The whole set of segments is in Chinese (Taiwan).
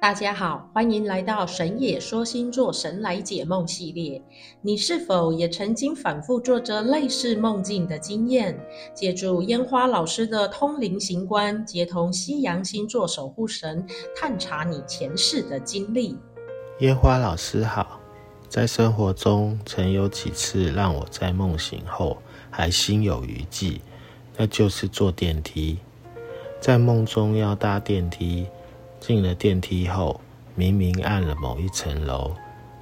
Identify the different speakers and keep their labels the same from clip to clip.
Speaker 1: 大家好，歡迎來到神野說星座、神來解夢系列。你是否也曾經反覆做着類似夢境的經驗？借助煙花老師的通靈行官，接通西洋星座守護神，探查你前世的經歷。
Speaker 2: 煙花老師好，在生活中曾有幾次讓我在夢醒後還心有餘悸，那就是坐電梯。在夢中要搭電梯。進了電梯後，明明按了某一層樓，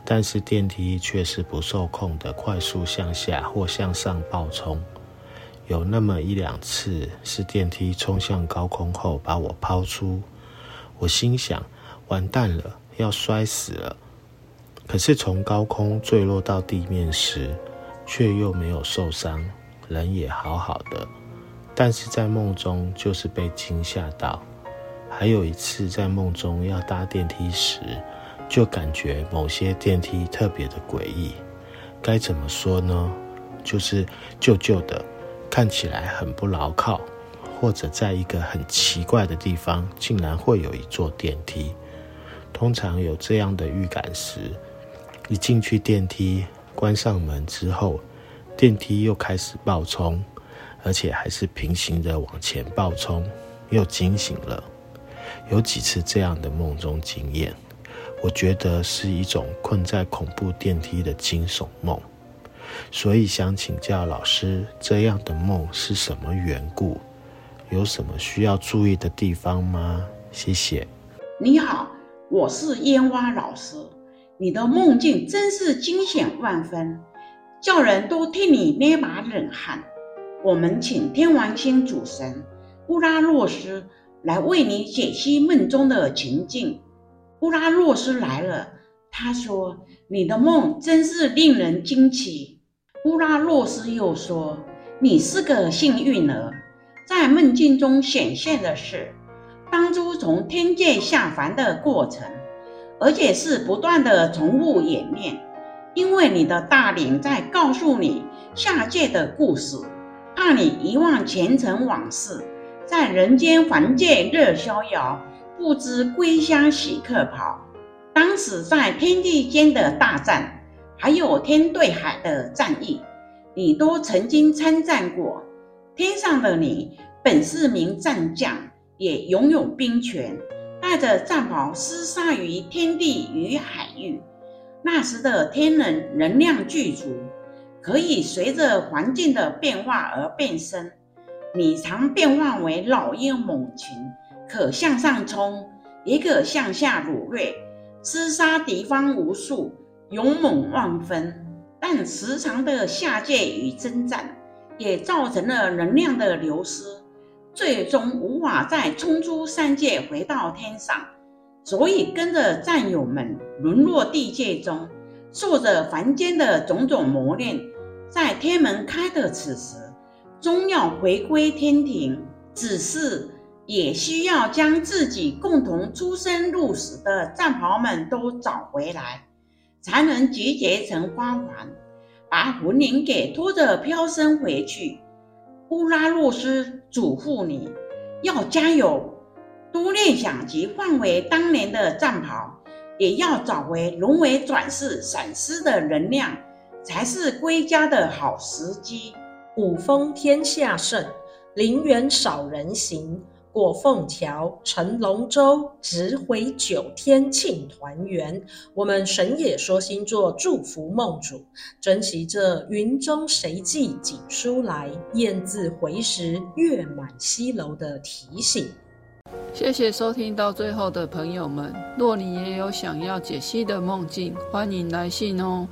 Speaker 2: 但是電梯卻是不受控的快速向下或向上暴衝。有那麼一兩次是電梯衝向高空後把我拋出，我心想，完蛋了，要摔死了。可是從高空墜落到地面時，卻又沒有受傷，人也好好的。但是在夢中就是被驚嚇到。還有一次，在夢中要搭電梯時，就感覺某些電梯特別的詭異。該怎麼說呢？就是舊舊的，看起來很不牢靠，或者在一個很奇怪的地方，竟然會有一座電梯。通常有這樣的預感時，一進去電梯，關上門之後，電梯又開始暴衝，而且還是平行的往前暴衝，又驚醒了。有幾次這樣的夢中經驗，我覺得是一種困在恐怖電梯的驚悚夢，所以想請教老師，這樣的夢是什麼緣故？有什麼需要注意的地方嗎？謝謝。
Speaker 3: 你好，我是煙蛙老師，你的夢境真是驚險萬分，叫人都替你捏把冷汗。我們請天王星主神烏拉洛斯，來為你解析夢中的情境。烏拉諾斯來了，他說：“你的夢真是令人驚奇。”烏拉諾斯又說：“你是個幸運兒，在夢境中顯現的是當初從天界下凡的過程，而且是不斷的重複演練，因為你的大靈在告訴你下界的故事，怕你遺忘前塵往事。”在人間凡界樂逍遙，不知歸鄉喜客袍。當時在天地間的大戰，還有天對海的戰役，你都曾經參戰過。天上的你本是名戰將，也擁有兵權，帶着戰袍廝殺於天地與海域。那時的天人能量具足，可以隨着環境的變化而變身。你常變幻為老鷹猛禽，可向上衝，也可向下擄掠，廝殺敵方無數，勇猛萬分。但時常的下界與征戰，也造成了能量的流失，最終無法再衝出三界，回到天上。所以跟着戰友們淪落地界中，受着凡間的種種磨練。在天門開的此時，終要回歸天庭，只是也需要將自己共同出生入死的戰袍們都找回來，才能集結成花環，把魂靈給拖着飄升回去。烏拉諾斯囑咐你，要加油，多念想及換回當年的戰袍，也要找回輪迴轉世閃失的能量，才是歸家的好時機。武風天下盛，陵
Speaker 1: 園少人行。過鳳橋，乘龍舟，直回九天慶團圓。我們神野說星座祝福夢主，珍惜這雲中誰寄錦書來，雁字回時，月
Speaker 3: 滿西樓的提醒。謝謝收聽到最後的朋友們，若你也有想要解析的夢境，歡迎來信哦。